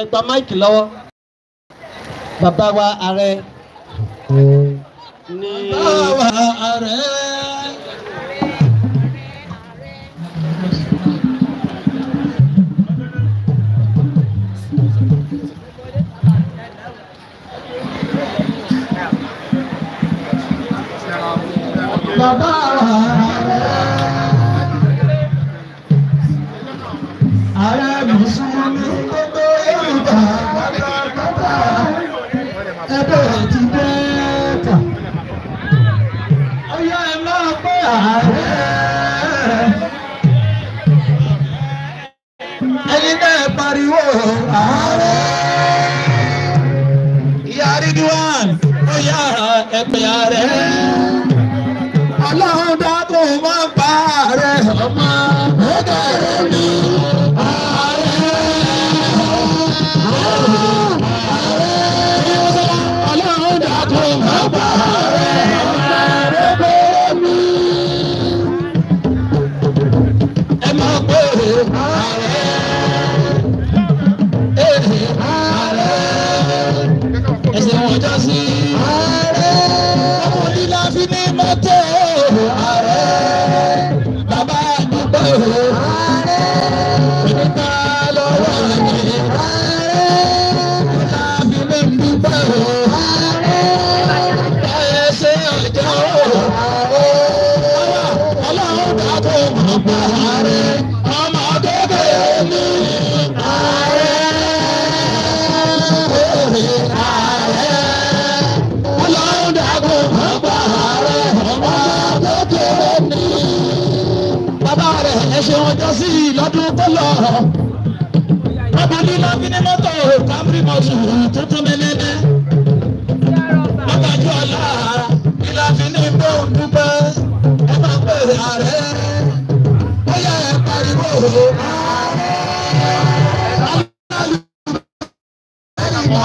ẹ gba máìkì lọ́wọ́ bàbá wa ààrẹ ní. bàbá wa ààrẹ. bàbá wa ààrẹ. ààrẹ. dẹ́ẹ̀kà. Ọyá ẹ máa pẹ́ ààrẹ. Ẹni náà pariwo ààrẹ. Ìyá Ridwan, ọyá ẹ pẹ́ ààrẹ. Ọlọ́run dábò máa ń pa ààrẹ ọmọ ọ̀dọ́ rẹ̀. ẹ ṣeun ọjọ́ sí i lọ́dún tó lọ. Abúlé lábílẹ̀ mọ́tò Camry mọ́tò tuntun mẹ́lẹ́lẹ́. Mọ́tàjú ọ̀la ìlàfin ní ìgbó dúpẹ́. Ẹ máa pè ààrẹ. Ó yẹ ẹ pariwo ààrẹ. Alálùbẹ́ ìwà.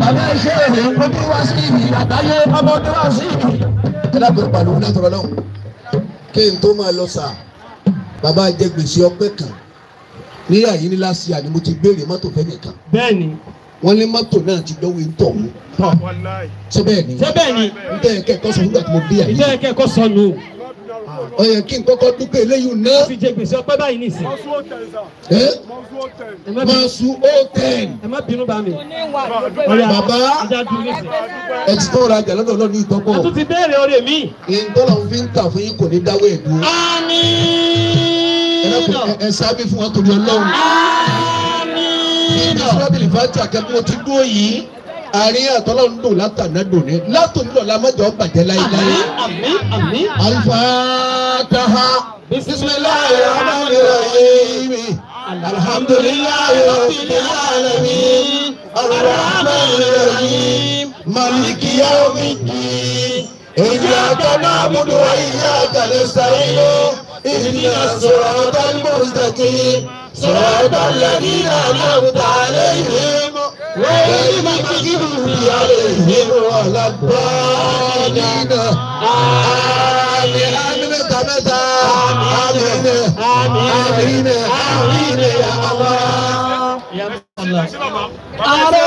bàbá iṣẹ́ rẹ̀ ń gbójú wá sí ibi àtàyé jẹ gbèsè ọpẹ́ kan ní àyè ní láti àní mo ti béèrè mọ́tò fẹ́ nìkan. bẹ́ẹ̀ni. wọ́n ní mọ́tò náà ti dánwó ń tọ̀ mú. sọ bẹ́ẹ̀ ni. sọ bẹ́ẹ̀ ni. n tẹ́ ẹ̀kẹ́ kọ́ sọ nígbà tí mo bí àyè. n tẹ́ ẹ̀kẹ́ kọ́ sọ nù ó yẹ kí n kọ́kọ́ dúpẹ́ eléyìí ná. ó fi jẹ gbèsè ọpẹ́ báyìí nìsín. mọ̀sù ó tẹ̀n. ẹ má bínú bá mi. bàbá ẹ ti tọ́ra àjà lọ́dọ̀ lọ́dọ̀ a tún ti bẹ̀rẹ̀ ọ̀rẹ́ mi. ìtọ́lọ̀ fi ń tà fún yín kò ní dáwọ́ ẹ̀ dúró. àmín. ẹ sábẹ́ fún wa torí ọlọ́run. àmín. bí ibi sọ́bìlì fàájà ti dúró yìí àárín àtọ́lọ́run dùn látàná dùn ní látòlúlọ̀ la mọ́jọ bàjẹ́ láyéláyé. àmín àmín. alifataha bisimilayi rahmani rahim alhamdulilayi rabbil alamin arahmani rahim maliki yaumidin iyyaka na'budu wa iyyaka nasta'in ihdina siratal mustaqim siratal ladina an'amta alaihim. وإن مكتبه عليهم ولا الضالين آمين آمين تمتا آمين آمين آمين يا الله يا الله